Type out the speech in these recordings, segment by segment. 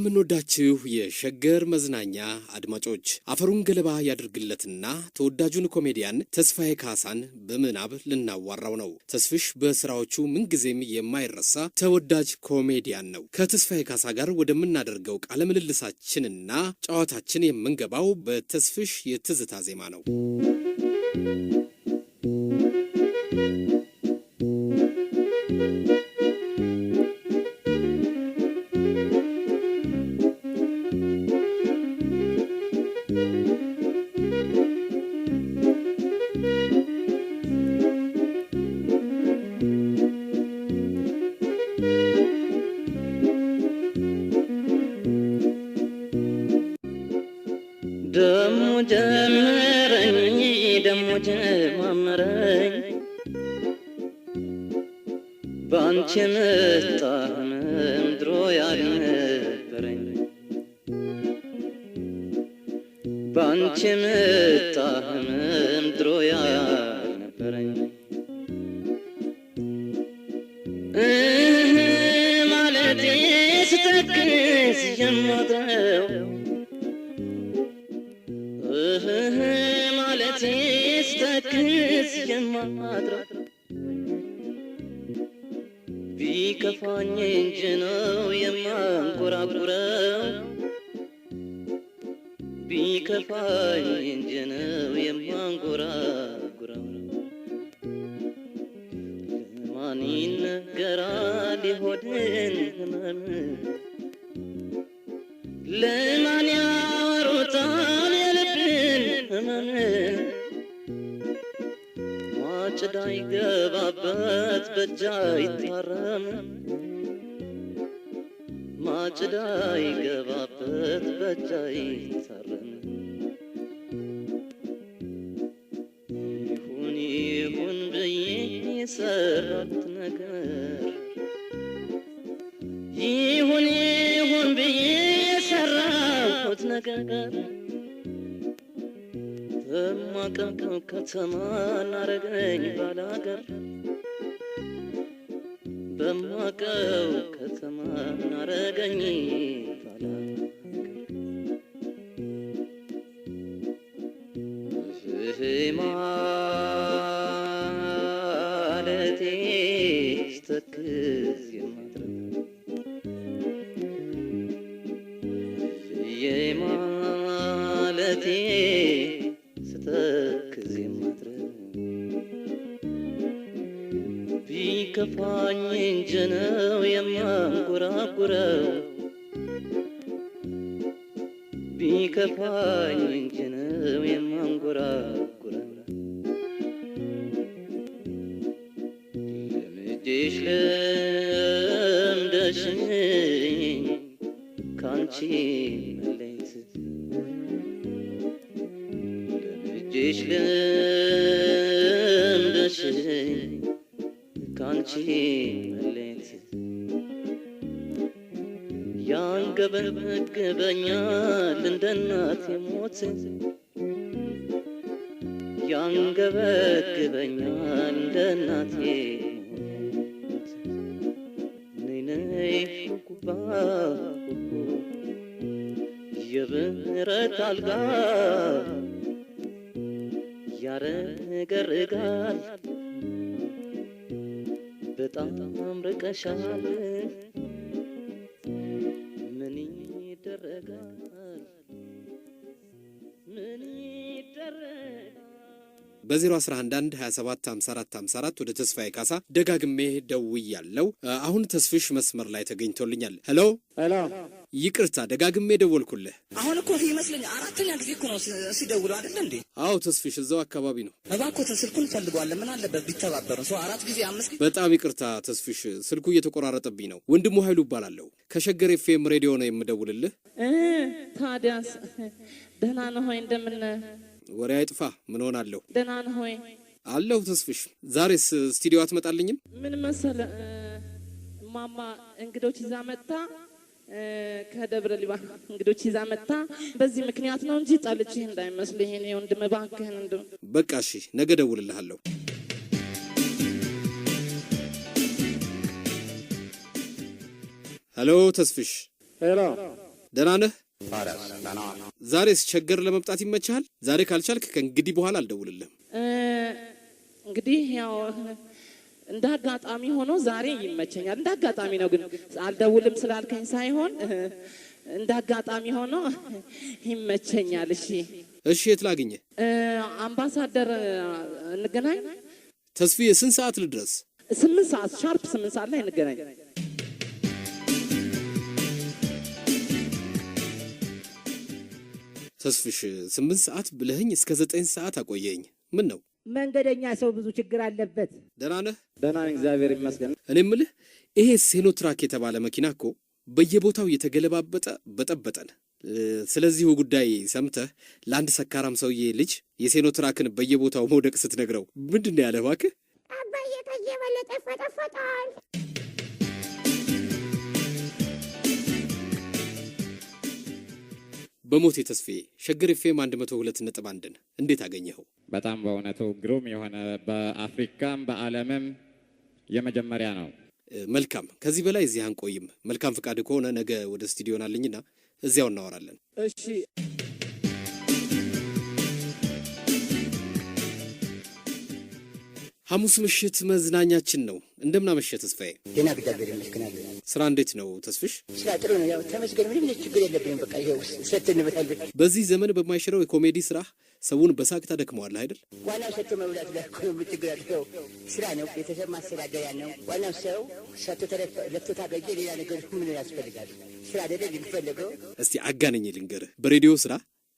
የምንወዳችሁ የሸገር መዝናኛ አድማጮች አፈሩን ገለባ ያድርግለትና ተወዳጁን ኮሜዲያን ተስፋዬ ካሳን በምናብ ልናዋራው ነው። ተስፍሽ በስራዎቹ ምንጊዜም የማይረሳ ተወዳጅ ኮሜዲያን ነው። ከተስፋዬ ካሳ ጋር ወደምናደርገው ቃለ ምልልሳችንና ጨዋታችን የምንገባው በተስፍሽ የትዝታ ዜማ ነው። ባንቺ መጣ ህመም ድሮ ያልነበረኝ ማለቴ ስተክስ የምወደው ማለቴ ስተክስ የማድረው ቢከፋኝ እንጂ ነው ቢከፋኝ እንጂ ነው የማንጎራጉረው። ለማን ይነገራል የሆድን ህመም? ለማን ያወሩታል የልብን ህመም? ማጭዳ ይገባበት በእጃ ይታረም ማጭዳ ይገባበት በእጃ ይታረም ነገር አትነገር ይሁን ይሁን ብዬ የሰራሁት ነገር በማቀቀው ከተማ ናረገኝ ባላገር በማቀው ከተማ ናረገኝ ባላገር ቢከፋኝን ጀነው የማንጎራጉረው ቢከፋኝን ጀነው የማንጎራጉረው ለምጄሽ ለምደሽኝ ካንቺ ካንቺ መሌት ያንገበግበኛል እንደ እናት የሞት ያንገበግበኛል እንደ እናቴ ነይ ጉባ የብረት አልጋ ያረገርጋል በጣም ርቀሻል፣ ምን ይደረጋል? ምን ይደረጋል? በ0111 27 54 54 ወደ ተስፋዬ ካሳ ደጋግሜ ደውያለው አሁን ተስፍሽ መስመር ላይ ተገኝቶልኛል። ሄሎ ሄሎ ይቅርታ ደጋግሜ ደወልኩልህ። አሁን እኮ ይመስለኛል አራተኛ ጊዜ እኮ ነው ሲደውሉ አይደለ እንዴ? አዎ ተስፍሽ እዛው አካባቢ ነው። እባክዎ ስልኩን ፈልገዋለን። ምን አለበት ቢተባበሩ ሰው አራት ጊዜ አምስት ጊዜ። በጣም ይቅርታ ተስፍሽ፣ ስልኩ እየተቆራረጠብኝ ነው። ወንድሙ ኃይሉ እባላለሁ ከሸገር ኤፍኤም ሬዲዮ ነው የምደውልልህ። ታዲያስ ደህና ነህ ሆይ? እንደምን ወሬ አይጥፋ። ምን ሆናለሁ? ደህና ነህ ሆይ? አለሁ ተስፍሽ። ዛሬስ ስቱዲዮ አትመጣልኝም? ምን መሰለ ማማ እንግዶች እዛ መጣ ከደብረ ሊባኖስ እንግዶች ይዛ መጣ። በዚህ ምክንያት ነው እንጂ ጣልችህ እንዳይመስል የእኔ ወንድም፣ እባክህን እንደ በቃ እሺ፣ ነገ ደውልልሃለሁ። ሄሎ ተስፍሽ፣ ሄሎ፣ ደህና ነህ? ዛሬ ስቸገር ለመምጣት ይመችሃል? ዛሬ ካልቻልክ ከእንግዲህ በኋላ አልደውልልህም። እንግዲህ ያው እንደ አጋጣሚ ሆኖ ዛሬ ይመቸኛል። እንደ አጋጣሚ ነው ግን አልደውልም ስላልከኝ ሳይሆን እንደ አጋጣሚ ሆኖ ይመቸኛል። እሺ፣ እሺ። የት ላግኘ? አምባሳደር እንገናኝ። ተስፋዬ፣ ስንት ሰዓት ልድረስ? ስምንት ሰዓት ሻርፕ ስምንት ሰዓት ላይ እንገናኝ። ተስፍሽ ስምንት ሰዓት ብለኸኝ እስከ ዘጠኝ ሰዓት አቆየኝ። ምን ነው መንገደኛ ሰው ብዙ ችግር አለበት። ደህና ነህ? ደህና ነኝ እግዚአብሔር ይመስገን። እኔ ምልህ ይሄ ሴኖትራክ የተባለ መኪና እኮ በየቦታው የተገለባበጠ በጠበጠን። ስለዚሁ ጉዳይ ሰምተህ ለአንድ ሰካራም ሰውዬ ልጅ የሴኖትራክን በየቦታው መውደቅ ስትነግረው ምንድን ነው ያለህ? እባክህ አባዬ ከየበለጠ ፈጠፈጣል በሞት የተስፌ ሸገር ኤፍኤም 102.1ን እንዴት አገኘኸው? በጣም በእውነቱ ግሩም የሆነ በአፍሪካም በዓለምም የመጀመሪያ ነው። መልካም፣ ከዚህ በላይ እዚህ አንቆይም። መልካም ፍቃድ ከሆነ ነገ ወደ ስቱዲዮ ናለኝና እዚያው እናወራለን። እሺ። ሐሙስ ምሽት መዝናኛችን ነው። እንደምናመሸ ተስፋዬ ዜና ብዳቤ ስራ እንዴት ነው ተስፍሽ? ስራ ጥሩ ነው። ያው ተመስገን፣ ምንም ችግር የለብንም። በቃ ይኸው በዚህ ዘመን በማይሽረው የኮሜዲ ስራ ሰውን በሳቅ ታደክመዋለህ አይደል? ዋናው ሰቶ መብላት ጋር እኮ ነው ያለው ስራ ነው። ቤተሰብ ማስተዳደሪያ ነው። ዋናው ሰው ሰቶ ለፍቶ ታገኘ፣ ሌላ ነገር ምን ያስፈልጋል? ስራ ደደ የሚፈለገው። እስቲ አጋነኝ ልንገርህ፣ በሬዲዮ ስራ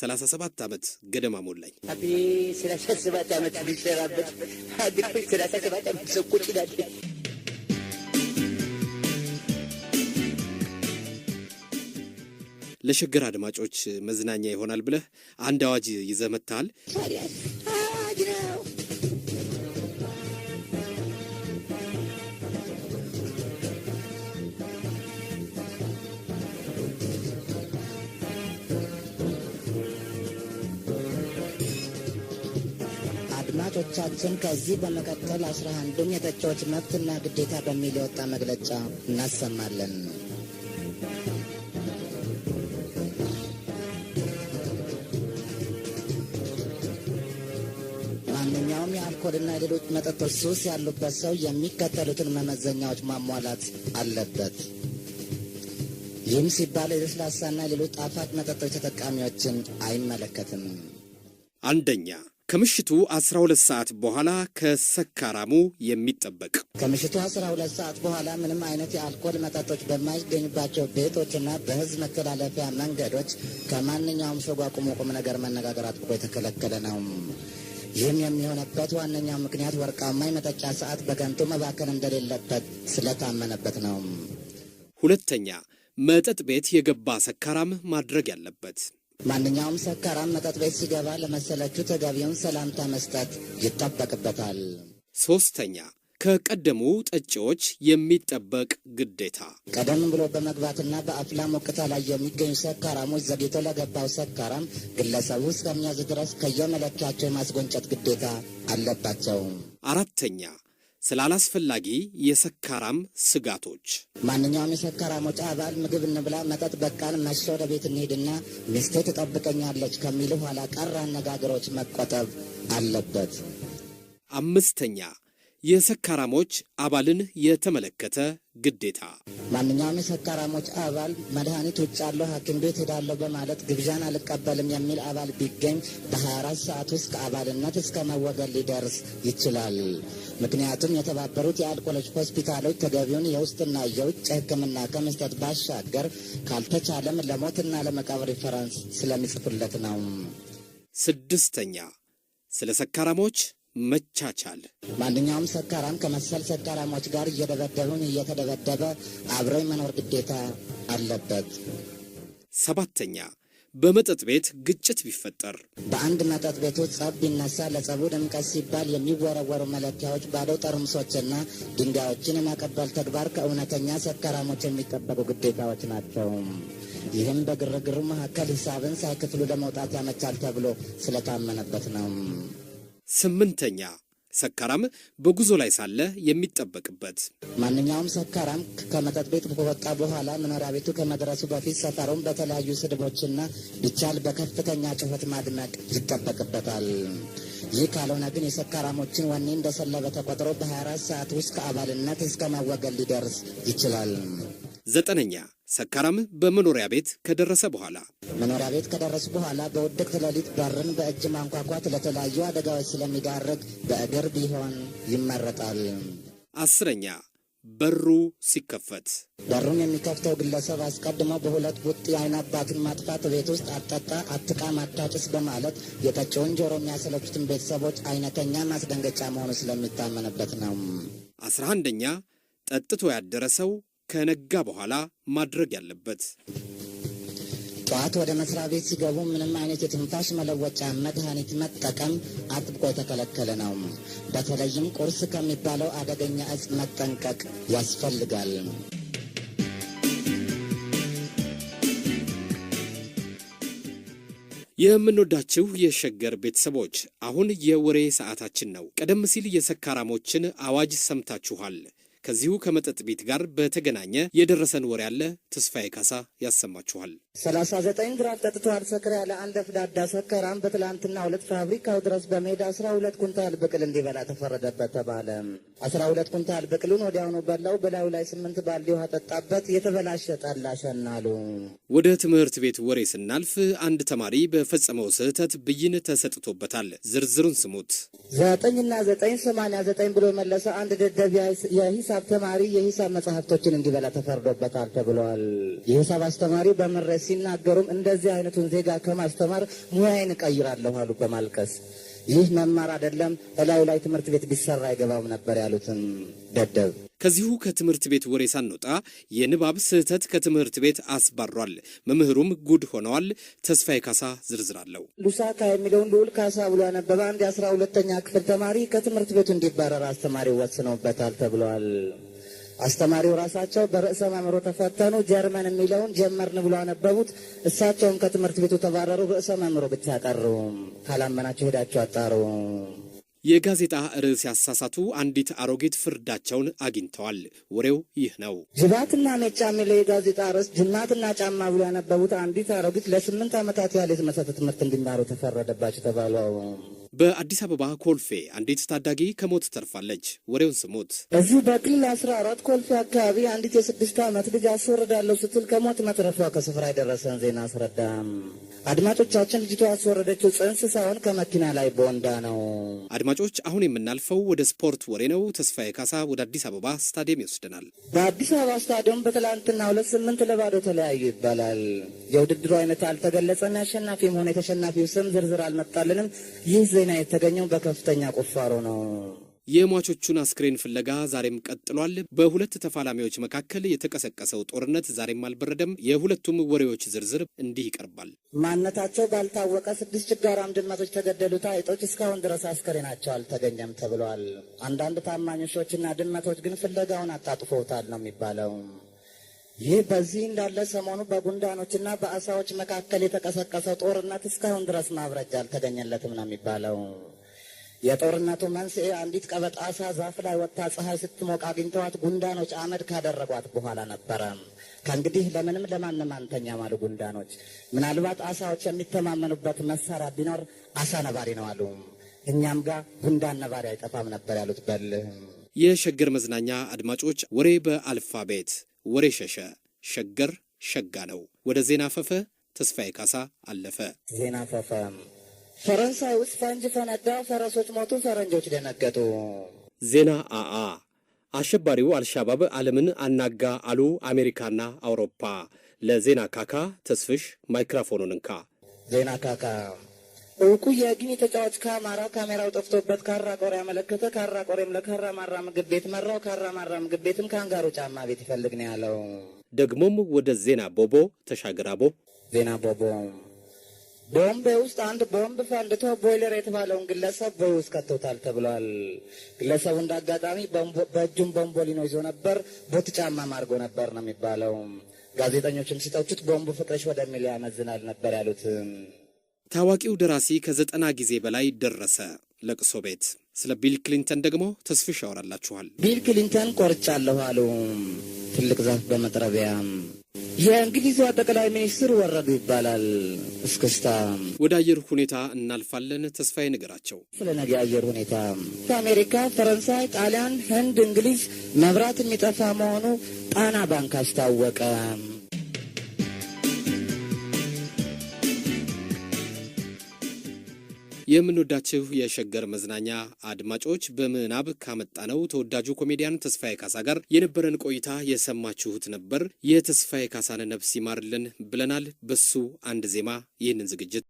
ሰላሳ ሰባት ዓመት ገደማ ሞላኝ። አቤት ሰላሳ ሰባት ዓመት ሊሰራበት ሰላሳ ሰባት ዓመት ሰው ቁጭ ይላል ለሸገር አድማጮች መዝናኛ ይሆናል ብለህ አንድ አዋጅ ይዘመታል። አድማጮቻችን ከዚህ በመቀጠል አስራ አንዱም የተቻዎች መብትና ግዴታ በሚል የወጣ መግለጫ እናሰማለን። ሌሎች መጠጦች ሱስ ያሉበት ሰው የሚከተሉትን መመዘኛዎች ማሟላት አለበት። ይህም ሲባል የለስላሳና ሌሎች ጣፋጭ መጠጦች ተጠቃሚዎችን አይመለከትም። አንደኛ ከምሽቱ 12 ሰዓት በኋላ ከሰካራሙ የሚጠበቅ ከምሽቱ 12 ሰዓት በኋላ ምንም አይነት የአልኮል መጠጦች በማይገኙባቸው ቤቶችና በሕዝብ መተላለፊያ መንገዶች ከማንኛውም ሰው ጋር ቁሞ ቁም ነገር መነጋገር አጥብቆ የተከለከለ ነው። ይህም የሚሆነበት ዋነኛ ምክንያት ወርቃማ የመጠጫ ሰዓት በከንቱ መባከን እንደሌለበት ስለታመነበት ነው። ሁለተኛ መጠጥ ቤት የገባ ሰካራም ማድረግ ያለበት ማንኛውም ሰካራም መጠጥ ቤት ሲገባ ለመሰለችው ተገቢውን ሰላምታ መስጠት ይጠበቅበታል። ሶስተኛ ከቀደሙ ጠጪዎች የሚጠበቅ ግዴታ ቀደም ብሎ በመግባትና በአፍላ ሞቅታ ላይ የሚገኙ ሰካራሞች ዘግይቶ ለገባው ሰካራም ግለሰቡ እስከሚያዝ ድረስ ከየመለኪያቸው የማስጎንጨት ግዴታ አለባቸው። አራተኛ ስላላስፈላጊ የሰካራም ስጋቶች ማንኛውም የሰካራሞች አባል ምግብ እንብላ፣ መጠጥ በቃን፣ መሸ፣ ወደ ቤት እንሄድና ሚስቴ ትጠብቀኛለች ከሚል ኋላ ቀር አነጋገሮች መቆጠብ አለበት። አምስተኛ የሰካራሞች አባልን የተመለከተ ግዴታ ማንኛውም የሰካራሞች አባል መድኃኒት ውጭ አለው ሐኪም ቤት ሄዳለሁ በማለት ግብዣን አልቀበልም የሚል አባል ቢገኝ በ24 ሰዓት ውስጥ ከአባልነት እስከ መወገድ ሊደርስ ይችላል። ምክንያቱም የተባበሩት የአልኮሎች ሆስፒታሎች ተገቢውን የውስጥና የውጭ ሕክምና ከመስጠት ባሻገር ካልተቻለም ለሞትና ለመቃብር ሪፈረንስ ስለሚጽፉለት ነው። ስድስተኛ ስለ ሰካራሞች መቻቻል ማንኛውም ሰካራም ከመሰል ሰካራሞች ጋር እየደበደቡን እየተደበደበ አብሮ መኖር ግዴታ አለበት። ሰባተኛ በመጠጥ ቤት ግጭት ቢፈጠር በአንድ መጠጥ ቤት ጸብ ቢነሳ ለጸቡ ድምቀት ሲባል የሚወረወሩ መለኪያዎች ባዶ ጠርሙሶችና ድንጋዮችን የማቀበል ተግባር ከእውነተኛ ሰካራሞች የሚጠበቁ ግዴታዎች ናቸው። ይህም በግርግሩ መካከል ሂሳብን ሳይክፍሉ ለመውጣት ያመቻል ተብሎ ስለታመነበት ነው። ስምንተኛ ሰካራም በጉዞ ላይ ሳለ የሚጠበቅበት ማንኛውም ሰካራም ከመጠጥ ቤት ከወጣ በኋላ መኖሪያ ቤቱ ከመድረሱ በፊት ሰፈሩን በተለያዩ ስድቦችና ቢቻል በከፍተኛ ጩኸት ማድመቅ ይጠበቅበታል። ይህ ካልሆነ ግን የሰካራሞችን ወኔ እንደሰለበ ተቆጥሮ በ24 ሰዓት ውስጥ ከአባልነት እስከ ማወገል ሊደርስ ይችላል። ዘጠነኛ ሰካራም በመኖሪያ ቤት ከደረሰ በኋላ መኖሪያ ቤት ከደረሱ በኋላ በውድቅት ሌሊት በርን በእጅ ማንኳኳት ለተለያዩ አደጋዎች ስለሚዳረግ በእግር ቢሆን ይመረጣል። አስረኛ በሩ ሲከፈት በሩን የሚከፍተው ግለሰብ አስቀድሞ በሁለት ቡጢ አይን አባትን ማጥፋት፣ ቤት ውስጥ አጠጣ አትቃም፣ አታጭስ በማለት የጠጪውን ጆሮ የሚያሰለቹትን ቤተሰቦች አይነተኛ ማስደንገጫ መሆኑ ስለሚታመንበት ነው። አስራ አንደኛ ጠጥቶ ያደረሰው ከነጋ በኋላ ማድረግ ያለበት። ጠዋት ወደ መስሪያ ቤት ሲገቡ ምንም አይነት የትንፋሽ መለወጫ መድኃኒት መጠቀም አጥብቆ የተከለከለ ነው። በተለይም ቁርስ ከሚባለው አደገኛ እጽ መጠንቀቅ ያስፈልጋል። የምንወዳችሁ የሸገር ቤተሰቦች አሁን የወሬ ሰዓታችን ነው። ቀደም ሲል የሰካራሞችን አዋጅ ሰምታችኋል። ከዚሁ ከመጠጥ ቤት ጋር በተገናኘ የደረሰን ወሬ ያለ ተስፋዬ ካሳ ያሰማችኋል። 39 ግራም ጠጥቷል። ሰክር ያለ አንድ ፍዳዳ ሰከራም በትላንትና ሁለት ፋብሪካው ድረስ በመሄድ 12 ኩንታል ብቅል እንዲበላ ተፈረደበት ተባለ። 12 ኩንታል ብቅሉን ወዲያውኑ በላው። በላዩ ላይ ስምንት ባልዲ ውሃ ጠጣበት። የተበላሸ ጠላ ሸናሉ። ወደ ትምህርት ቤት ወሬ ስናልፍ አንድ ተማሪ በፈጸመው ስህተት ብይን ተሰጥቶበታል። ዝርዝሩን ስሙት። ዘጠኝና ዘጠኝ ሰማንያ ዘጠኝ ብሎ መለሰ። አንድ ደደብ የሂስ የሂሳብ ተማሪ የሂሳብ መጽሐፍቶችን እንዲበላ ተፈርዶበታል ተብለዋል። የሂሳብ አስተማሪ በምሬት ሲናገሩም እንደዚህ አይነቱን ዜጋ ከማስተማር ሙያዬን እቀይራለሁ አሉ በማልቀስ ይህ መማር አይደለም፣ እላዩ ላይ ትምህርት ቤት ቢሰራ አይገባም ነበር ያሉትን ደደብ። ከዚሁ ከትምህርት ቤት ወሬ ሳንወጣ የንባብ ስህተት ከትምህርት ቤት አስባሯል። መምህሩም ጉድ ሆነዋል። ተስፋዬ ካሳ ዝርዝር አለው። ሉሳካ የሚለውን ልዑል ካሳ ብሎ ያነበበ አንድ የአስራ ሁለተኛ ክፍል ተማሪ ከትምህርት ቤቱ እንዲባረር አስተማሪ ወስነውበታል ተብለዋል። አስተማሪው ራሳቸው በርዕሰ መምህሩ ተፈተኑ። ጀርመን የሚለውን ጀመርን ብሎ አነበቡት። እሳቸውም ከትምህርት ቤቱ ተባረሩ። ርዕሰ መምህሩ ብቻ ቀሩ። ካላመናቸው ሄዳቸው አጣሩ። የጋዜጣ ርዕስ ያሳሳቱ አንዲት አሮጊት ፍርዳቸውን አግኝተዋል። ወሬው ይህ ነው። ጅባትና ሜጫ የሚለው የጋዜጣ ርዕስ ጅማትና ጫማ ብሎ ያነበቡት አንዲት አሮጊት ለስምንት ዓመታት ያለ የተመሳተ ትምህርት እንዲማሩ ተፈረደባቸው ተባሉ። በአዲስ አበባ ኮልፌ አንዲት ታዳጊ ከሞት ተርፋለች። ወሬውን ስሙት። በዚሁ በቅል አስራ አራት ኮልፌ አካባቢ አንዲት የስድስት ዓመት ልጅ አስወርዳለሁ ስትል ከሞት መትረፏ ከስፍራ የደረሰን ዜና አስረዳም። አድማጮቻችን ልጅቷ ያስወረደችው ጽንስ ሳይሆን ከመኪና ላይ በወንዳ ነው። አድማጮች አሁን የምናልፈው ወደ ስፖርት ወሬ ነው። ተስፋዬ ካሳ ወደ አዲስ አበባ ስታዲየም ይወስደናል። በአዲስ አበባ ስታዲየም በትላንትና ሁለት ስምንት ለባዶ ተለያዩ ይባላል። የውድድሩ አይነት አልተገለጸም። የአሸናፊም ሆነ የተሸናፊው ስም ዝርዝር አልመጣልንም። ይህ ዜና የተገኘው በከፍተኛ ቁፋሮ ነው። የሟቾቹን አስክሬን ፍለጋ ዛሬም ቀጥሏል። በሁለት ተፋላሚዎች መካከል የተቀሰቀሰው ጦርነት ዛሬም አልበረደም። የሁለቱም ወሬዎች ዝርዝር እንዲህ ይቀርባል። ማንነታቸው ባልታወቀ ስድስት ችጋራም ድመቶች ተገደሉ። አይጦች እስካሁን ድረስ አስክሬናቸው አልተገኘም ተብሏል። አንዳንድ ታማኞች ውሾችና ድመቶች ግን ፍለጋውን አጣጥፎታል ነው የሚባለው። ይህ በዚህ እንዳለ ሰሞኑ በጉንዳኖችና በአሳዎች መካከል የተቀሰቀሰው ጦርነት እስካሁን ድረስ ማብረጃ አልተገኘለትም ነው የሚባለው። የጦርነቱ መንስኤ አንዲት ቀበጥ አሳ ዛፍ ላይ ወጥታ ፀሐይ ስትሞቅ አግኝተዋት ጉንዳኖች አመድ ካደረጓት በኋላ ነበረ። ከእንግዲህ ለምንም ለማንም አንተኛም አሉ ጉንዳኖች። ምናልባት አሳዎች የሚተማመኑበት መሳሪያ ቢኖር አሳ ነባሪ ነው አሉ። እኛም ጋር ጉንዳን ነባሪ አይጠፋም ነበር ያሉት። በልህ የሸገር መዝናኛ አድማጮች ወሬ በአልፋቤት ወሬ ሸሸ። ሸገር ሸጋ ነው። ወደ ዜና ፈፈ ተስፋዬ ካሳ አለፈ። ዜና ፈፈ ፈረንሳይ ውስጥ ፈንጅ ፈነዳ፣ ፈረሶች ሞቱ፣ ፈረንጆች ደነገጡ። ዜና አአ አሸባሪው አልሻባብ ዓለምን አናጋ አሉ አሜሪካና አውሮፓ። ለዜና ካካ ተስፍሽ ማይክራፎኑን እንካ። ዜና ካካ እውቁ የግኒ ተጫዋች ከአማራ ካሜራው ጠፍቶበት ካራ ቆሬ ያመለከተ። ካራ ቆሬም ለካራ ማራ ምግብ ቤት መራው። ካራ ማራ ምግብ ቤትም ከአንጋሮ ጫማ ቤት ይፈልግ ነው ያለው። ደግሞም ወደ ዜና ቦቦ ተሻግራቦ ዜና ቦቦ ቦምቤ ውስጥ አንድ ቦምብ ፈንድቶ ቦይለር የተባለውን ግለሰብ ቦይ ውስጥ ከተውታል ተብሏል። ግለሰቡ እንደ አጋጣሚ በእጁም ቦምቦሊኖ ይዞ ነበር፣ ቦት ጫማ ማርጎ ነበር ነው የሚባለው። ጋዜጠኞችም ሲጠውቹት ቦምቡ ፍቅረሽ ወደሚል ያመዝናል ነበር ያሉት። ታዋቂው ደራሲ ከዘጠና ጊዜ በላይ ደረሰ ለቅሶ ቤት። ስለ ቢል ክሊንተን ደግሞ ተስፍሽ ያወራላችኋል። ቢል ክሊንተን ቆርጫለሁ አሉ ትልቅ ዛፍ በመጥረቢያ። የእንግሊዟ ጠቅላይ ሚኒስትር ወረዱ ይባላል እስክስታ። ወደ አየር ሁኔታ እናልፋለን። ተስፋዬ ንገራቸው ስለ ነገ አየር ሁኔታ ከአሜሪካ፣ ፈረንሳይ፣ ጣሊያን፣ ህንድ፣ እንግሊዝ መብራት የሚጠፋ መሆኑ ጣና ባንክ አስታወቀ። የምንወዳችሁ የሸገር መዝናኛ አድማጮች በምናብ ካመጣነው ተወዳጁ ኮሜዲያን ተስፋዬ ካሳ ጋር የነበረን ቆይታ የሰማችሁት ነበር። የተስፋዬ ካሳን ነፍስ ይማርልን ብለናል። በሱ አንድ ዜማ ይህንን ዝግጅት